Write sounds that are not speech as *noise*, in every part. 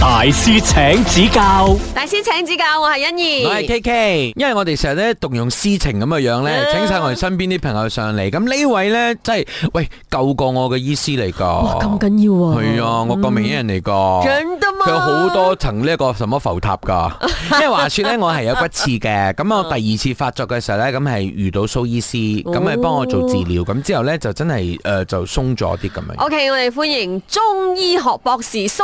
大師請指教，大師請指教，我係欣怡，我係 K K，因為我哋成日咧動用私情咁嘅樣咧，啊、請晒我哋身邊啲朋友上嚟，咁呢位咧真係喂救過我嘅醫師嚟噶，哇咁緊要喎、啊？係啊，我個名人嚟噶，佢、嗯啊、有好多層呢個什麼浮塔噶，即係 *laughs* 話說咧，我係有骨刺嘅，咁 *laughs* 我第二次發作嘅時候咧，咁係遇到蘇醫師，咁係幫我做治療，咁之後咧就真係誒、呃、就鬆咗啲咁樣。OK，我哋歡迎中醫學博士蘇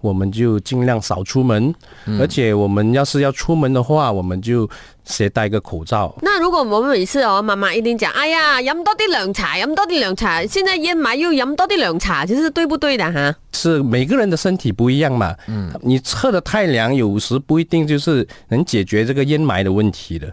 我們就盡量少出門，而且我們要是要出門的話，我們就先戴個口罩。那如果我們每次哦，媽媽一定講，哎呀，飲多啲涼茶，飲多啲涼茶，現在煙霾又飲多啲涼茶，這是對不對的哈？是每個人的身體不一樣嘛，嗯，你喝得太涼，有時不一定就是能解決這個煙霾的問題的。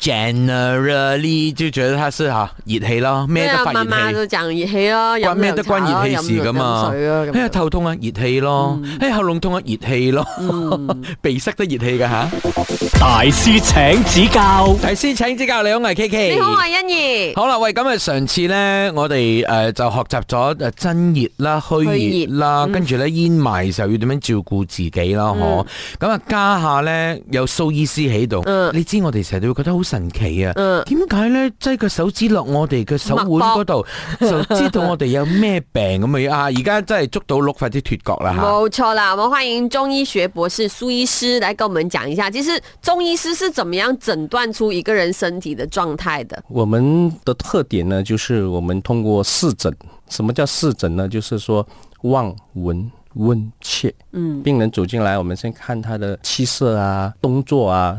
Generally 就覺得它是吓熱氣咯，咩都發熱氣咯，關咩都關熱氣事噶嘛。哎呀，頭痛啊熱氣咯，哎喉嚨痛啊熱氣咯，鼻塞得熱氣噶吓。大師請指教，大師請指教。你好，係 K K。你好，係欣怡。好啦，喂，咁啊，上次咧，我哋誒就學習咗誒真熱啦、虛熱啦，跟住咧煙霾時候要點樣照顧自己啦，嗬。咁啊，家下咧有蘇醫師喺度，你知我哋成日都會覺得好。神奇啊！點解呢？擠個手指落我哋嘅手腕嗰度，就、嗯、知道我哋有咩病咁嘅嘢啊！而家真係捉到六塊脫，快啲脱角啦！冇錯啦，我們歡迎中醫學博士蘇醫師嚟跟我們講一下，其實中醫師是怎麼樣診斷出一個人身體的狀態的？我們的特點呢，就是我們通過試診。什麼叫試診呢？就是說望、聞、問切。嗯，病人走進來，我們先看他的氣色啊，動作啊。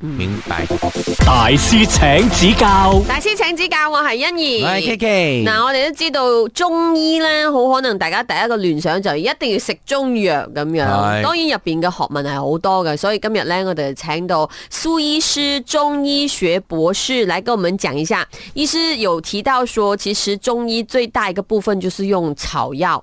明白，大師請指教。大師請指教，我係欣宜，我係 KK 嗱，我哋都知道中醫呢，好可能大家第一個聯想就是一定要食中藥咁樣。是當然入邊嘅學問係好多嘅，所以今日呢，我哋請到蘇醫師，中醫學博士嚟跟我們講一下。醫師有提到說，其實中醫最大一個部分就是用草藥。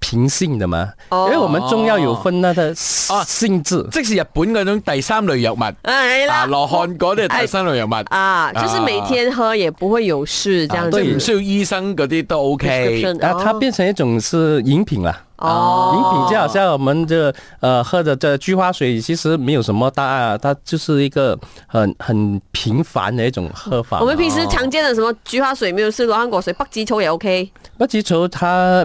平性的嘛，因為我們中藥有分它的性質，哦啊，即是日本那種第三類藥物，羅漢果的第三類藥物，啊，啊，就是每天喝也不會有事，啊，這樣子，啊，對不需要醫生嗰啲都 OK，啊，它變成一種是飲品啦，飲，啊，品就好像我們這，呃，喝的這菊花水其實沒有什麼大礙，它就是一個很很平凡的一種喝法，我們平時常見的什麼菊花水，沒有是羅漢果水，北極球也 OK，北極球它。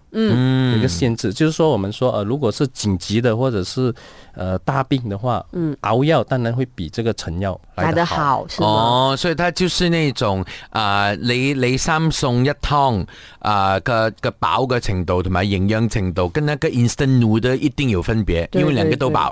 嗯，一個限制，就是說，我們說，呃，如果是緊急的，或者是，呃，大病的話，嗯，熬藥當然會比這個成藥來得好，得好，是嗎？哦，所以，它就是那種，啊、呃，你你三餸一湯，啊、呃，個個飽的程度同埋營養程度，跟那個 instant noodle 一定有分別，對對對，因為兩個都飽。